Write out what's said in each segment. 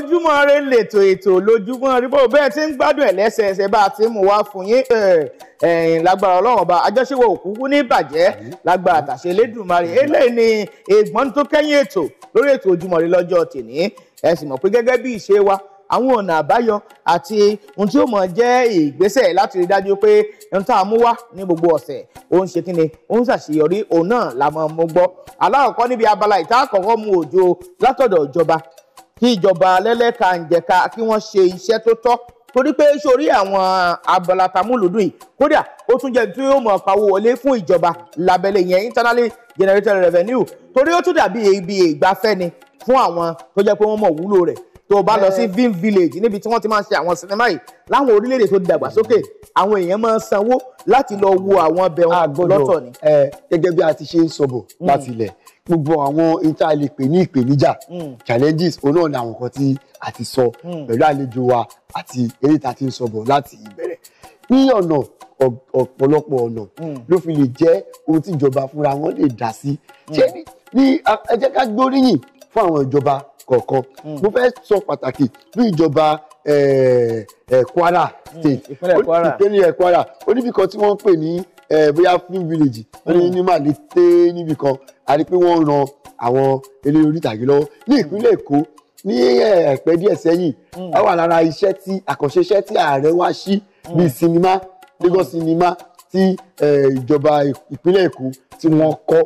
ojúmọ́ rẹ lètò ètò lójúmọ́ rí bó bẹ́ẹ̀ tí ń gbádùn ẹ̀ lẹ́sẹẹsẹ bá a ti mú wá fún yín ẹ̀yìn lágbára ọlọ́run ọba àjọṣepọ̀ òkúkú ní ìbàjẹ́ lágbára àtàṣe Elédùmarè eléyìí ni ègbọ́n tó kẹ́yìn ètò lórí ètò ojúmọ́ rí lọ́jọ́ tèní ẹ sì pé gẹ́gẹ́ bí ìṣe wa àwọn ọ̀nà àbáyọ àti ohun tí ó mọ̀ jẹ́ ìgbésẹ̀ láti rí dájú pé ohun tá a mú wá ní gbogbo ọ̀sẹ̀ ó ṣe kíni ó ń ṣàṣeyọrí òun náà la mọ̀ mú gbọ́ alákọ̀ọ́kọ́ níbi abala ìta àkọ́kọ́ mu òjò látọ̀dọ̀ ìjọba kí ìjọba lẹ́lẹ́kàǹjẹ̀ka kí wọ́n ṣe iṣẹ́ tó tọ́ torí pé sórí àwọn abala tamúlùdùn yìí kódà ó tún jẹ́ tí yóò mọ̀ pawó wọlé fún ìjọba lábẹ́lẹ̀ yẹn internally generated revenue torí ó tún dàbí ibi ìgbafẹ́ ni fún àwọn tó jẹ́ pé wọ́n mọ̀ wúlò rẹ̀ tó o bá lọ sí vim village níbi tí wọ́n ti máa ń ṣe àwọn sinimá yìí láwọn orílẹ̀-èdè tó dàgbà sókè àwọn èèyàn máa ń sanwó láti lọ wo àwọn ọbẹ̀ wọn lọ́tọ̀ ni. gẹ́gẹ́ bí a ti ṣe ń sọ̀bọ̀ láti ilẹ̀ gbogbo àwọn ìta lè pè ní ìpèníjà hmm. challenges òun náà ni àwọn kan tí a ti sọ hmm. pẹ̀lú àlejò wa àti eré ta ti ń sọ bọ̀ láti ìbẹ̀rẹ̀ ní ọ̀nà ọ̀pọ̀lọpọ̀ ọ̀nà hmm. ló fi lè jẹ́ ohun tí ìjọba fúnra wọn lè dá sí ṣé ní ẹ jẹ́ ká gbóríyìn fún àwọn ìjọba kọ̀ọ̀kan mo fẹ́ sọ pàtàkì bí ìjọba eh, eh, Kwara state ìpínlẹ̀ Kwara oníbìkan tí wọ́n ń pè ní bóyá film village wọ́n ní hmm. ní màlété níbi kan a rí pé wọ́n ń ran àwọn eléré onítàgé lọ́wọ́ ní ìpínlẹ̀ èkó ní ẹ̀pẹ́ díẹ̀ sẹ́yìn hmm. a wà lára iṣẹ́ tí àkànṣe iṣẹ́ tí ààrẹ wá sí hmm. bíi sinimá Lagos sinimá tí ìjọba ìpínlẹ̀ èkó tí wọ́n kọ́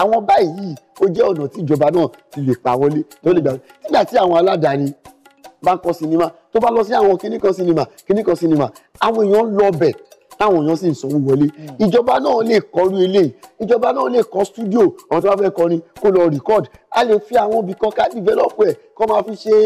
àwọn báyìí ó jẹ́ ọ̀nà tí ìjọba náà ti lè pa wọlé tó lè gbà nígbà tí àwọn aládàáni bá ń kọ́ sinimá tó bá lọ sí àwọn kíníkan sinimá kíníkan sinimá àwọn èèyàn lọ bẹ̀ táwọn èèyàn sì ń sanwó wọlé mm. ìjọba náà lè kọrú eléyìí ìjọba náà lè kọ́ studio àwọn tí wọ́n fẹ́ kọrin kó lọ record a lè fi àwọn ibì kan ká develop ẹ̀ kó máa fi ṣe.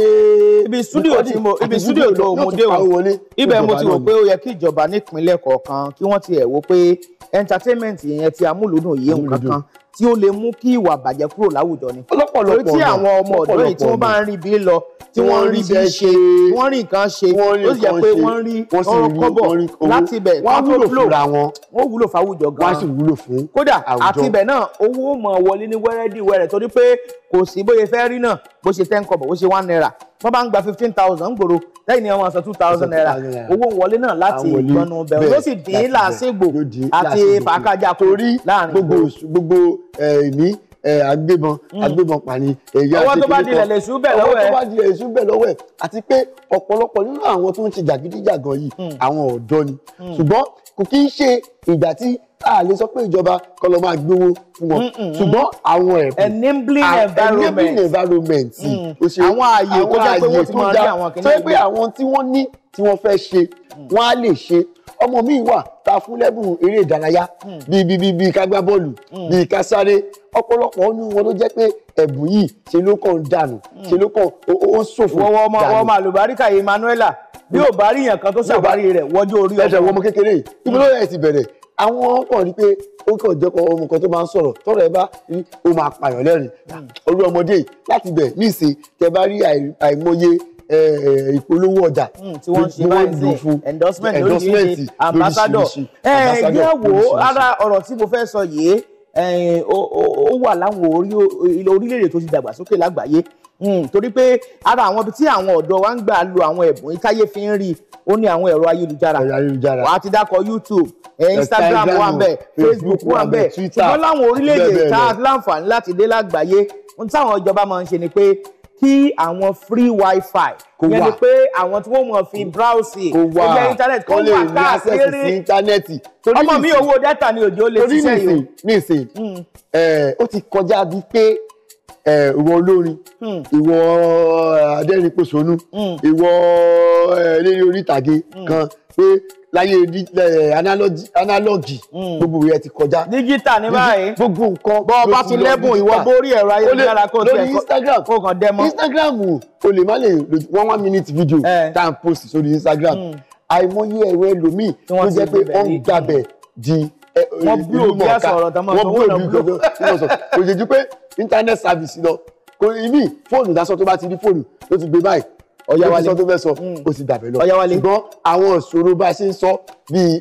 ibi studio tí mo ibi studio tó mo dé o ibẹ̀ mo ti wò pé ó yẹ kí ìjọba nípínlẹ̀ kọ̀ọ̀kan kí wọ́n ti ẹ̀ wò pé entertainment yẹn ti amúlòdùn yìí nǹkan kan tí ó lè mú kí ìwà bàjẹ́ kúrò láwùjọ ni. lọ́pọ̀lọpọ̀ ọ̀nà tí àwọn ọmọ ọ̀dọ́ yìí tí wọ́n bá ń rí bí lọ tí wọ́n ń rí bí ṣe wọ́n rí nǹkan ṣe ó sì pé wọ́n rí ọ̀rọ̀ kọ́bọ̀ láti ibẹ̀ wọ́n wúlò fúnra wọn wọ́n wúlò fáwùjọ gan-an àwùjọ àti ibẹ̀ náà owó mọ̀ wọlé ní wẹ́rẹ́dì wẹ́rẹ́ torí pé kò sí bóyá fẹ́ rí náà bó ṣe ten kọ́bọ̀ bó ṣe one naira wọ́n bá ń gba fifteen thousand gbòòrò lẹ́yìn ọmọ ọ̀sán two thousand naira owó wọlé náà láti ìgbọ́nú bẹ̀rù ló sì dín làásìgbò àti fàákàjà kò rí láàrin gbogbo gbogbo ẹ̀mí agbébọn mm. agbébọn pani ẹyà àti kíkọ ọwọ́ tó bá dilẹ̀ lè ṣú bẹ̀ lọ́wọ́ ẹ̀ ọwọ́ tó bá dilẹ̀ lè ṣú bẹ̀ lọ́wọ́ ẹ̀ àti pé ọ̀pọ̀lọpọ̀ nínú àwọn tó ń ṣe jàgídíjàgan yìí mm. àwọn ọ̀dọ́ ni mm. ṣùgbọ́n kò kí ń ṣe ìgbà tí a lè sọ pé ìjọba kan lọ máa gbowó fún wọn ṣùgbọ́n àwọn ẹ̀bùn enabling environment ó mm. ṣe àwọn ààyè tó dá tó dá tó yẹ pé àwọn tí wọ́n ní tí wọ́n fẹ́ ṣe mm. wọ́n á lè ṣe ọmọ mi wà ta fún lẹ́bùn eré ìdárayá bíi mm. bíi bíi ká gbá bọ́ọ̀lù bíi ká sáré ọ̀pọ̀lọpọ̀ nínú wọn ló jẹ́ pé ẹ̀bùn yìí ṣe ló kàn dànù ṣe ló kàn ó ń ṣòfò dànù. wọ́n wọ́n ọmọ àlùbáríkà Emmanuela bí ò bá rí yàn kan tó ṣàwárí rẹ̀ wọ́jọ́ orí ọmọ. ẹ̀sẹ̀ wọ́n ọmọ kékeré yìí ibi ló yẹ ti bẹ̀rẹ̀ àwọn pọ̀ ní pé ó kàn jẹ́ ọmọ kan tó máa ń sọ̀rọ̀ tọ́rọ̀ ẹ bá rí ó máa pààyàn lẹ́rìn ah, olú ọmọdé láti bẹ̀ níìsín tẹ bá rí àìmọye ìpolówó ọjà hmm, tí wọ́n ṣe báyìí sí endorsement lóríṣiríṣi ambassador ẹ yẹ wo ara ọ̀rọ̀ tí mo fẹ́ sọ yìí ó wà láwọn orílẹ̀-èdè tó ti dàgbàsókè lágbàáyé Hmm, torí pé ara àwọn ibi tí àwọn ọ̀dọ́ wa ń gbà lo àwọn ẹ̀bùn ìtayé fi ń rí ó ní àwọn ẹ̀rọ ayélujára wàá ti dákọ̀ YouTube Instagram wà ń bẹ̀ Facebook wà ń bẹ̀ ṣùgbọ́n láwọn orílẹ̀-èdè tá a láǹfààní láti dé lágbàáyé ohun táwọn ìjọba máa ń ṣe ni pé kí àwọn free wifi kò wà yẹn ni pé àwọn tí wọ́n mọ̀ fi browse kò wà kò lè ní access sí íńtánẹ́ẹ̀tì. ọmọ mi owó data ni òjò lè ṣiṣẹ́ yìí. torí nìsín nìsín ó ti kọjá bíi pé Eh, ìwọ olórin hmm. ìwọ eh, adẹ́rìnpòṣónú hmm. ìwọ eh, eléré orí ìtàgé hmm. kan pé láyé análọ́gì gbogbo yẹn ti kọjá. dígítà ní báyìí gbogbo nǹkan bọ́ ọba tún lẹ́bùn ìwọ bórí ẹ̀rọ ayélujára kó tiẹ̀ kó kàn dẹ́mọ́. instagram o lè má lè one one minute video tá à ń post sórí instagram àìmọye ẹ̀rọ ẹlòmíì tó jẹ́ pé ó ń gbàbẹ̀ di wọ́n bí òbí àṣà ọ̀rọ̀ tá máa sọ wọ́n náà bí òbí kò ṣe ju pé internet service lọ kò ní fóònù lásán tó bá ti rí fóònù ló ti gbé báyìí ọ̀yáwálé tó fẹ́ sọ ó ti dàbẹ̀ lọ ọ̀yáwálé ṣùgbọ́n àwọn ìṣòro bá ṣe ń sọ bíi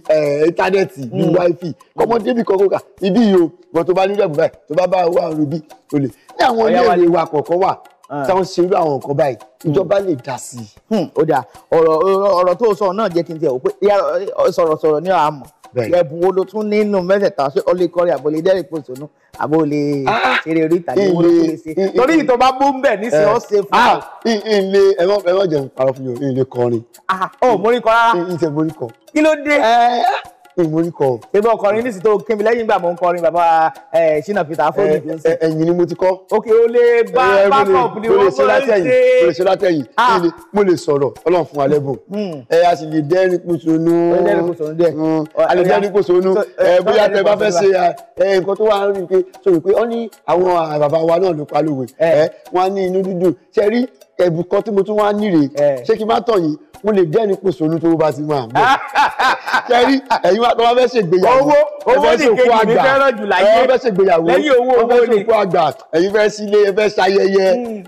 íńtánẹ́ẹ̀tì bíi hmm. wáífì kọ́mọdé bíi kọ́kọ́kà ibi yìí o wọn tó bá nílò ẹ̀bùn báyìí tó bá bá wà rubí o lè ní àwọn iléèwé wa kọ̀ọ̀kan wà ah. táwọn ṣe irú àwọn nǹkan báyìí hmm. ìjọba lè dá sí i. Hmm. ó dà ọ̀rọ̀ tó sọ náà jẹ́ kí n tiẹ̀ wò pé sọ̀rọ̀sọ̀rọ̀ ni àmọ̀ ẹ̀bùn wo ló tún nínú mẹ́tẹ̀ẹ̀ta ṣé ó lè kọrin àbò lè dẹ́rìn pòṣónú àbò lè ah, ah. ṣeré orí ìtàgé wo ló kéré sí torí ìtọ́ bá bú bẹ̀ nísìnyí eh. ó ṣe fún ah, wa. ilé ẹ̀rọ ẹ̀rọ jẹun parọ́ fún mi ò kọrin. ọ mo kọ rárá. ilé iṣẹ́ kọ. kí ló dé. Eh, ìmúríkọ. ṣébí ọkọrin ní sìtò kémi lẹ́yìn ìgbà mò ń kọrin bàbá ṣínà Peter Afọ́jú. ẹ̀yìn ni mo ti kọ́. ok o lè bá backup ni wọ́n mọ̀ ń ṣe. mo lè ṣe látẹ̀yìn ah. mo lè sọ̀rọ̀ ọlọ́run fún alẹ́ bò. Hmm. ẹ a sì lè dẹ́rìn kùsùnú. Hmm. a lè dẹ́rìn kùsùnú. bóyá tẹ bá fẹ́ ṣe nǹkan tó wà ń rìn pé sọ wípé ó ní àwọn ah, bàbá wa náà ló palówe. wọ́n á ní inú dídùn ṣe rí ẹ̀bùn kan tí mo tún wá nírè ṣé kí n má tàn yín mo lè jẹ́ ní pèsè olú tó bá ti máa mú kẹrí ẹ̀yin wa tó bá fẹ́ ṣègbéyàwó owó owó nìkejì mi fẹ́ràn jù láyé ẹ fẹ́ ṣègbéyàwó lẹ́yìn owó owó ni ẹ àgbà ẹ̀yin fẹ́ sílé ẹ fẹ́ ṣayẹyẹ hmm.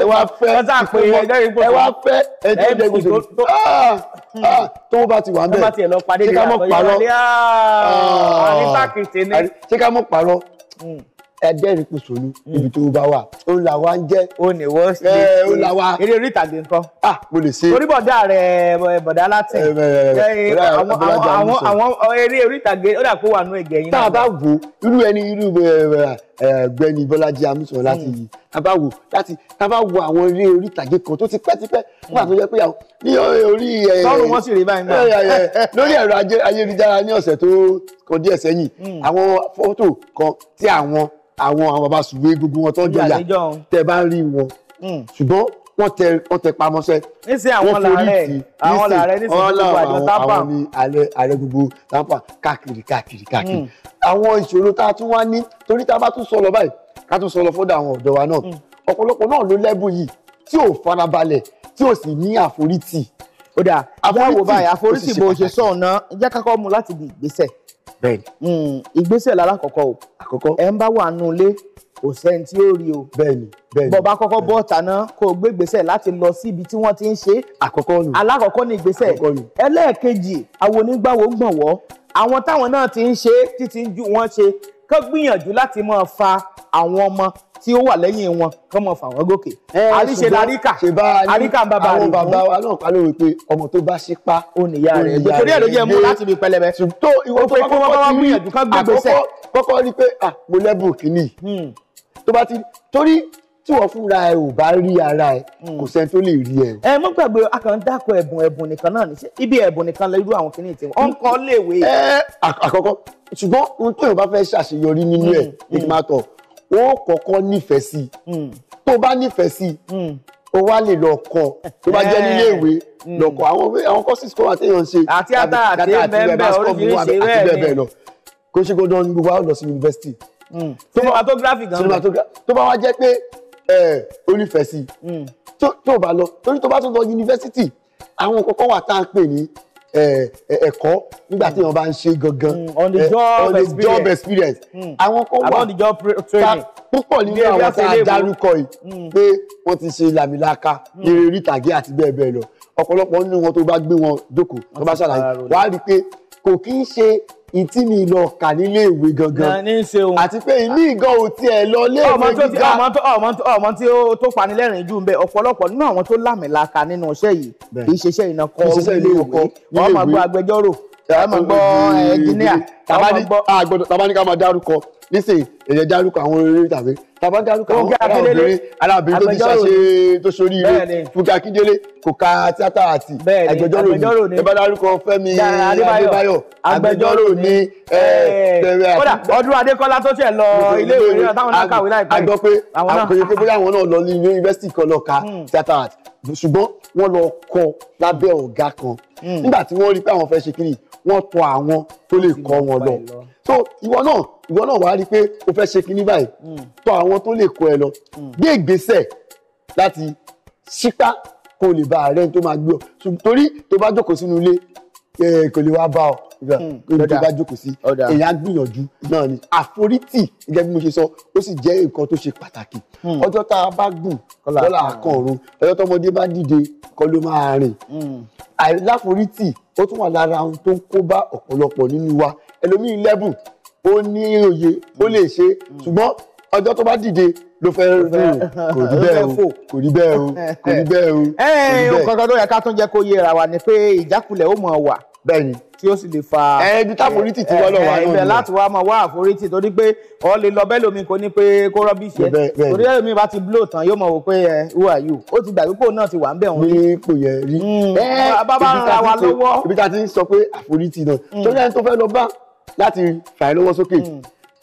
ẹ wá fẹ́ ẹ wá fẹ́ ẹ tó jẹ gbèsè tó bá ti wà ń ṣé ká mọ̀ pàrọ̀ ṣé ká mọ̀ pàrọ̀ ẹdẹrin kùsùlù hmm. ibi tó bá wà òun là wá ń jẹ. o ní wọ́n eh, ṣe é òun là wá. eré orí ìtàgé nǹkan. ah mo lè ṣe. orí bọ̀dá rẹ̀ eh, bọ̀dá látìn. Eh, àwọn eré orí ìtàgé ó dà kó wà nú ẹ̀gẹ́ yín. tá a bá wo irú ẹni irú Ọ̀gbẹ́ni Bọ́lájí Amúsàn láti hmm. yìí tá a bá wo láti tá a bá wo àwọn eré orí ìtàgé kan tó ti pẹ́tipẹ́ nígbà tó jẹ́ pé ní orí. sọ́run wọn sì rí báyìí náà. lórí ẹ̀rọ ayélujára ní ọ̀sẹ̀ tó kọ díẹ̀ sẹ́yìn hmm. àwọn fọ́tò kan tí àwọn àwọn àwọn bàbá sùwé gbogbo wọn tó ń jọyà tẹ bá rí wọn hmm. ṣùgbọ́n wọ́n tẹ wọ́n tẹ pamọ́sẹ́. níṣẹ́ àwọn làárẹ̀ àwọn làárẹ̀ níṣẹ́ gbogbo àjọ tápà. àwọn ni ààrẹ gbogbo tápà káàkiri káàkiri káàkiri. Hmm. àwọn ìṣòro tá a tún wá ní torí tá a bá tún sọ lọ báyìí ká tún sọ lọ fọ́dọ̀ àwọn ọ̀dọ́ wa náà. Hmm. ọ̀pọ̀lọpọ̀ náà ló lẹ́bùn yìí tí ò farabalẹ̀ tí ò sì ní àforítì. ó dà àforítì bó ṣe sọ̀nà jẹ́ kákọ́ mu láti bí ìgbésẹ̀ bẹ́ẹ̀ni. Hmm, ìgbésẹ̀ lára kọ̀kọ́ o. àkọ́kọ́. ẹ ń bá wà nù ilé kò sẹ́ni tí ó rí o. bẹ́ẹ̀ni bẹ́ẹ̀ni. bọba kọ́kọ́ bọ tàná kó o gbé ìgbésẹ̀ láti lọ sí ibi tí wọ́n ti ń ṣe. àkọ́kọ́ nù. alákọ̀ọ́kọ́ ni ìgbésẹ̀. àkọ́kọ́ nù. ẹlẹ́ẹ̀kejì àwọn onígbàwọ̀ gbọ̀nwọ́ àwọn táwọn náà ti ń ṣe títí ju wọn ṣe kó gbìyànjú láti máa fa àwọn ọmọ tí ó wà lẹ́yìn wọn kọ́ mọ̀ fà wọ́n gòkè. àríṣe láríkà àríkà ń bàbá rẹ̀ àwọn bàbá wa náà pa lóore pé ọmọ tó bá ṣe pa ó nìyá rẹ̀ gbé torí ẹ̀ ló jẹ́ mú láti ibi pẹlẹbẹ. tó ìwọ tó kọ́kọ́ ti rí àkọ́kọ́ kọ́kọ́ rí pé à ah, mo lẹ́bùn kìíní hmm. tó bá ti torí tí wọ́n fúnra ẹ ò bá rí ara ẹ hmm. kò sẹ́ni tó lè rí ẹ. ẹ mọ gbàgbé akàn dákọ ẹbùn ẹbùn nìkan náà níṣẹ ibi ẹbùn nìkan lẹrú àwọn kìnìún tiwọn ọ ń kọ léèwé. ẹ àkọ́kọ́ ṣùgbọ́n ohun tóyàn bá fẹ́ ṣàṣeyọrí nínú ẹ̀ ní kí n máa tọ̀ o kọ́kọ́ nífẹ̀ẹ́ sí i hmm. tó bá nífẹ̀ẹ́ sí i o hmm. wá lè lọ kọ tó bá jẹ nílé ìwé hmm. lọ kọ àwọn àwọn courses kan àti èèyàn ṣe àti ata àti bẹ́ẹ̀ oríṣiríṣi bẹ́ẹ̀ ni kò ṣe gbọdọ̀ ní gbogbo àwọn lọ sí yunifásitì. cinematography gan cinematography tó bá wá jẹ́ pé onífẹ̀sí tó bá lọ torí tó bá tún lọ yunifásitì àwọn kọ̀ọ̀kan wà tá à ń pè ní ẹ̀kọ́ nígbà tí wọ́n bá ń ṣe gangan mm, on the job experience on the job experience mm. àwọn kan wà the job training púpọ̀ nínú àwọn tá a dárúkọ yìí mm. pé wọ́n ti ṣe làmìlaka ìrírí tàgé àti bẹ́ẹ̀ bẹ́ẹ̀ lọ ọ̀pọ̀lọpọ̀ nínú wọn tó bá gbé wọn jókòó tó bá ṣàlàyé wàá rí i pé kò kí ń ṣe ìtí mi lọ kà nílé ìwé gangan àti pé ìmí ìgan ò tiẹ̀ lọ ilé ìwé gíga. ọmọ tí ó tó panilẹ́rìn jù ń bẹ ọ̀pọ̀lọpọ̀ nínú àwọn tó lámìlaka nínú iṣẹ́ yìí kì í ṣeṣẹ́ iná kọ́ ilé ìwé wọ́n máa gbọ́ agbẹjọ́rò wọ́n máa gbọ́ ẹnjíníà wọ́n máa gbọ́. tàbá ní ká máa dárúkọ nísìnyí ẹ̀yẹ dárúkọ àwọn eré tàbí tàbá dárúkọ àwọn arábìnrin arábìnrin tó ti ṣàṣe tó sórí ire Fúnkẹ́ Akíndélé kò ka tíátà àti agbẹjọ́rò ni ẹ bá dárúkọ Fẹ́mi Adébáyọ̀ agbẹjọ́rò ni tẹ̀rẹ̀ àti. kódà ọdún Adékọ́lá tó tiẹ̀ lọ ilé ìwé náà táwọn náà kàwé láìpẹ́ yìí. a gbọ́ pé àkòyè pé bóyá àwọn náà lọ ní yunifásitì kan lọ ka hmm. tíátà àti ṣùgbọ́n wọ́n lọ kọ́ lábẹ́ ọ̀gá kan hmm. nígbà tí wọ́n rí pé àwọn fẹ́ ṣe kiri wọ́n tọ̀ àwọn tó lè kọ́ wọn lọ so ìwọ náà ìwọ náà wàá rí i pé o fẹ́ ṣe kinní báyìí hmm. tọ̀ àwọn tó lè kó ẹ lọ hmm. gbé ìgbésẹ̀ láti ṣípá kó lè bá ààrẹ tó máa gbé ọ torí tó bá jókòó sínú ilé kò lè wá bá ọ ibi hmm. tó bá jókòó sí èèyàn gbìyànjú náà ni àforítì gẹ́gẹ́ bí mo ṣe sọ ó sì jẹ́ nǹkan tó ṣe pàtàkì ọjọ́ tá a bá gùn lọ́la àkànrun ọjọ́ tọmọdé bá dìde kọ́ ló máa rìn àìláforítì ó tún wà lára ohun tó ń kó bá ọ̀pọ̀lọpọ̀ nínú wa ẹlòmíì lẹ́bùn ó ní òye ó lè ṣe mm. ṣùgbọ́n ọjọ́ tó bá dìde ló fẹ́ rìn kò rí bẹ́ẹ̀ o kò rí bẹ́ẹ̀ o kò rí bẹ́ẹ̀ o. ẹ ẹ nǹkan tó yẹ ká tún jẹ́ kó yẹra wa ni pé ìjákulẹ̀ ó mọ̀ wà bẹ́ẹ̀ni tí ó sì lè fa ẹbí eh, táforítì tí wọn lọ wà lónìí eh, ibẹ̀ láti wá máa wá àforítì torí pé ọ lè lọ bẹ́ẹ̀ lómi kò ní pé kó rọbí ṣe torí ẹlòmíì bá ti blow tán yóò mọ̀ wò pé ẹ eh, who are you ó ti gbàgbé pò náà ti wà ń bẹ̀ wọ́n. ní kò yẹ rí. Hmm. bàbá ń wa lọ́wọ́. ibi tá a ti ń sọ pé àforítì náà hmm. tó ní ẹni fẹ́ lọ bá láti fà ẹ́ lọ́wọ́ sókè mm.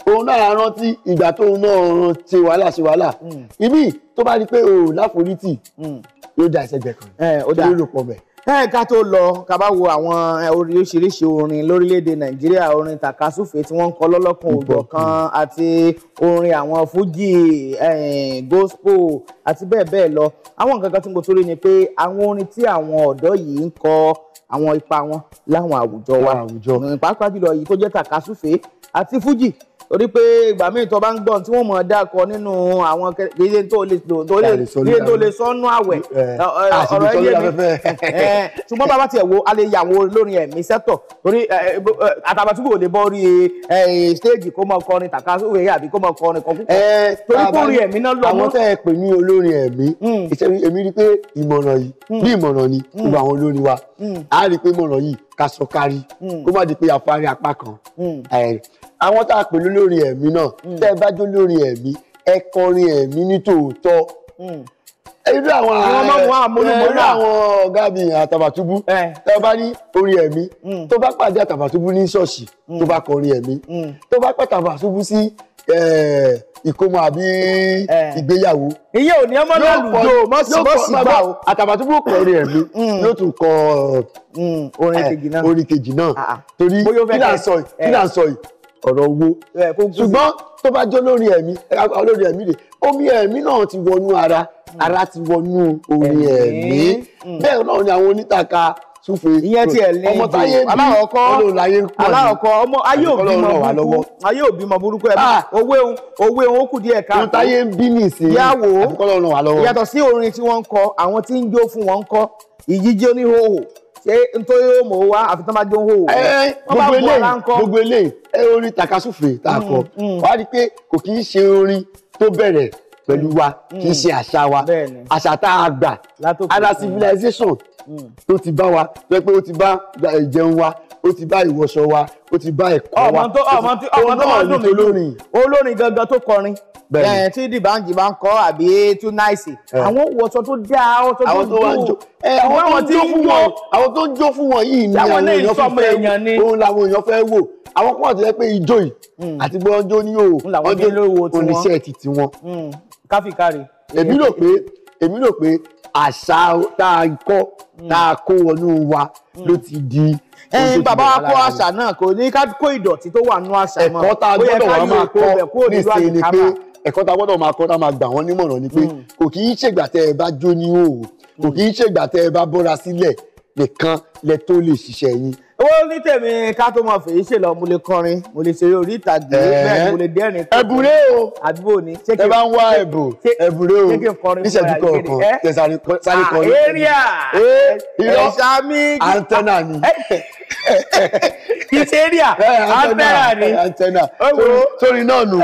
òun náà rántí ìgbà tó ń mọ ọ̀ràn ṣe wàhálà ṣe wàhálà mm. ibi tó bá rí pé o láforítì mm. yóò da ẹsẹ̀ gbẹ̀kan yóò lò pọ̀ bẹ̀ ká tó lọ ká bá wo àwọn oríṣiríṣi orin lórílẹ̀‐èdè nàìjíríà orin tàkasúfè tí wọ́n ń kọ lọ́lọ́kan ògbọ̀kan àti orin àwọn fújì gospel àti bẹ́ẹ̀ bẹ́ẹ̀ lọ àwọn nǹkan kan tí mo tún rí ni pé àwọn orin tí àwọn ọ̀dọ́ yìí ń kọ àwọn ipa wọn láwọn àwùjọ wa pàápàá jùlọ yìí tó jẹ́ tàkasúfè àti fújì torí pé ìgbà míì tó bá ń gbọ́n tí wọ́n mọ̀ dákọ nínú àwọn ilé tó lè tó lè ilé tó lè sọ́nú àwẹ̀ ọ̀rọ̀ ẹ̀yẹ mi ṣùgbọ́n bàbá tiẹ̀ wo a lè yà wọ́n lórin ẹ̀mí sẹ́tọ̀ torí àtàbàtúbù ò lè bọ́ rí stéèjì kó mọ kọrin tàkàsówe àbí kó mọ kọrin kan púpọ̀ torí kó rí ẹ̀mí náà lọ́mọ. àwọn tẹ́ ẹ pè ní olórin ẹ̀mí hmm. èmi rí pé ìmọ̀ràn yìí hmm. bí ìmọ̀ràn ni hmm. gbogbo àwọn olórin wa á rí pé ìmọ̀ràn yìí ká sọ kárí kó má di pé àfarí apá kan àwọn tá a pè lólórin ẹ̀mí náà mm. tẹ́ ẹ bá jó lórin ẹ̀mí ẹ kọrin ẹ̀mí ní tòótọ́ mm. irú àwọn irú àwọn ọ̀gá mi àtàbàtúbú eh. tó bá ní orin ẹ̀mí mm. tó bá pàdé àtàbàtúbú ní ṣọ́ọ̀ṣì tó bá kọrin ẹ̀mí tó bá pàdé àtàbàtúbú sí ìkómọ àbí eh. ìgbéyàwó. iye ò ní ọmọ náà lùdò mọ́sí gbà o. àtàbàtúbú kọ orin ẹ̀mí yóò tún kọ eh, orin kejì náà ah, ah. torí kí là ń sọ yìí ọ̀rọ̀ owó ṣùgbọ́n tó bá jẹ́ olórin ẹ̀mí olórin ẹ̀mí rẹ̀ omi ẹ̀mí náà ti wọnú ara hmm. ara ti wọnú orin ẹ̀mí hmm. bẹ́ẹ̀ náà ni àwọn onítàka súfe ìyẹn tiẹ̀ lé ọmọ táyé bí aláwọ̀kọ́ aláwọ̀kọ́ ọmọ ayé òbí mọ burúkú ayé òbí mọ burúkú ẹ̀ ah! owó ehun owó ehun ó kù díẹ̀ ká ọmọ táyé ń bí nìsín yàwó yàtọ̀ sí orin tí wọ́n ń kọ àwọn tí ń jó fún wọn ń kọ ìjíjó ní hòhò ṣé nítorí ó mọ̀ wá àfi tán bá jó ń hò wọ́n gbogbo eléyìí gbogbo eléyìí ẹ orin takasúfè tá a kọ mm, mm. wá rí i pé kò kì í ṣe orin tó bẹ̀rẹ̀ pẹ̀lú wa mm, kì í ṣe àṣà wa àṣà tá a gbà ara civilization tó ti bá wa pé pé ó ti bá ìjẹun wa ó ti bá ìwọṣọ wa ó ti bá ẹ̀kọ́ wa ọmọ tó ọmọ tó ọmọ tó máa dùn mí olórin gangan tó kọrin Eh, tí dìbànjì bá ń kọ́ àbí tún náìsì eh. àwọn wọ̀sọ tó dá àwọn tó dùn eh, àwọn tó ń jó àwọn tó ń jó fún wọn yìí ni àwọn èèyàn fẹ́ wò òun làwọn èèyàn fẹ́ wò àwọn kan àti ẹ pé ijó yìí hmm. àti bí wọ́n jó ní o ọjọ́ oníṣẹ́ ti ti wọn. Hmm. káfíkárì. èmi rò pé èmi rò pé àṣà tá a kọ́ hmm. tá a kó wọnú wa ló ti di ẹn bàbá wa kó àṣà náà kò ní ká kó ìdọ̀tí tó wà nínú àṣà mọ́ ẹ̀kọ́ tá a gbọ́dọ̀ wá máa kọ́ nísìnyí ni pé ẹ̀kọ́ ta gbọ́dọ̀ máa kọ́ ta máa gbà wọ́n nímọ̀ràn ni pé hmm. kò kì í ṣègbà tẹ́ ẹ bá jó ní òòrùn kò hmm. kì í ṣègbà tẹ́ ẹ bá bọ́ra sílẹ̀ nìkan lẹ tó lè ṣiṣẹ́ yín ó ní tèmi ká tó mọ fèyí ṣe lọ mo lè kọrin mo lè ṣeré orí ìtàgé bẹ́ẹ̀ mo lè dẹ́rìn ẹbùrẹ o àdúgbò ni ṣé kí n wá ẹbù ẹbùrẹ o níṣẹ́jú kọ̀ọ̀kan tẹ sáré ah, kọrin èrìà ẹ̀ṣá mi antenna ni kìí antenna ni antenna sórí náà nù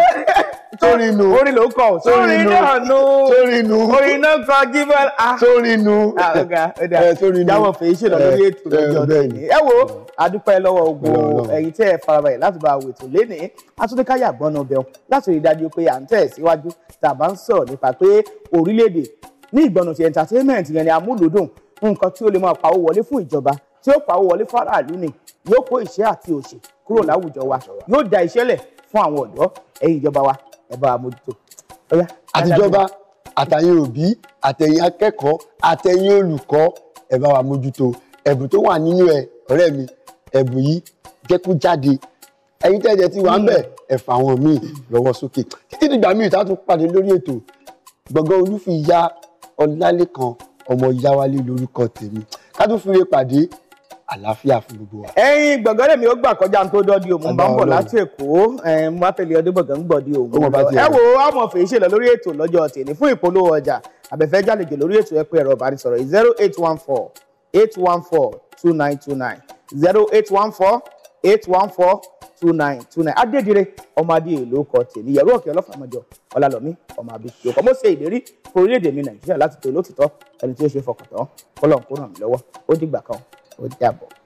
sórí nù orí ló kọ sórí náà nù sórí nù orí náà kọ gíbọn sórí nù ah. sórí nù ah, jáwọ fèyí ṣe lọ lórí ètò ìjọba ẹ wo adúpẹ́ lọ́wọ́ gbogbo ẹ̀yin tẹ́ ẹ farabalẹ̀ láti bá àwọn ètò lénìí atúndékáyà gbọ́nà bẹ̀rù láti rí dájú pé à ń tẹ̀ síwájú tàbá ń sọ̀rọ̀ nípa pé orílẹ̀-èdè ní ìgbọ̀nà ti entertainment yẹn ni amúlòdùn nǹkan tí ó lè máa pawó wọlé fún ìjọba tí ó pawó wọlé fáráàlú ni yóò kó ìṣẹ́ àti òṣì kúrò láwùjọ wa yóò da iṣẹ́ lẹ̀ fún àwọn ọ̀dọ́ ẹ̀yin ìjọba wa ẹ bá wa mójútó. àtijọba àtàyìn òbí àtẹ̀yìn akẹ́kọ̀ọ́ àtẹ̀yìn olùkọ́ ẹ bá wa mójútó ẹ̀bùn tó wà nínú ẹ ọ̀rẹ́ mi ẹ̀bùn yìí jẹ́ kó jáde ẹ̀yin tẹ́jẹ̀ tí wàá bẹ̀ ẹ fà wọn míì lọ́wọ́ sókè títí dìgbà míì tá a tún pàdé lórí ètò gbọ̀ngàn olúfìyà ọlálékan ọmọ yáwálé lórúkọ tèmi ká tún fìrè pàdé àlàáfíà fún gbogbo wa. ẹ̀yin gbọ̀ngàn lèmi ó gbà kọjá tó dọ́dí òun bá ń bọ̀ láti èkó mo á tẹ̀lé ọdún gbọ̀ngàn gbọ̀dí òun ẹ wo ọmọ fèéṣe lọ lórí ètò lọ́jọ́ tèmi fún ìpolówó ọjà àbẹ̀fẹ́ jàlejò lórí ètò ẹ ẹ̀rọ ìbánisọ̀rọ̀ zero eight one four eight one four 2929 0814 814 2929 adédire ọmọdé lóko tèmi yẹ̀rú ọ̀kẹ́ ọlọ́fàmọ́jọ ọlálọ́mí ọmọ àbí yòókọ́ mo ṣe ìlérí fún orílẹ̀-èdè mi nàìjíríà láti tó olótìtọ́ ẹni tí ó ṣe fọkàn tán kọ́lọ̀ ń kó ràn mí lọ́wọ́ ó dìgbà kan ó dàbọ̀.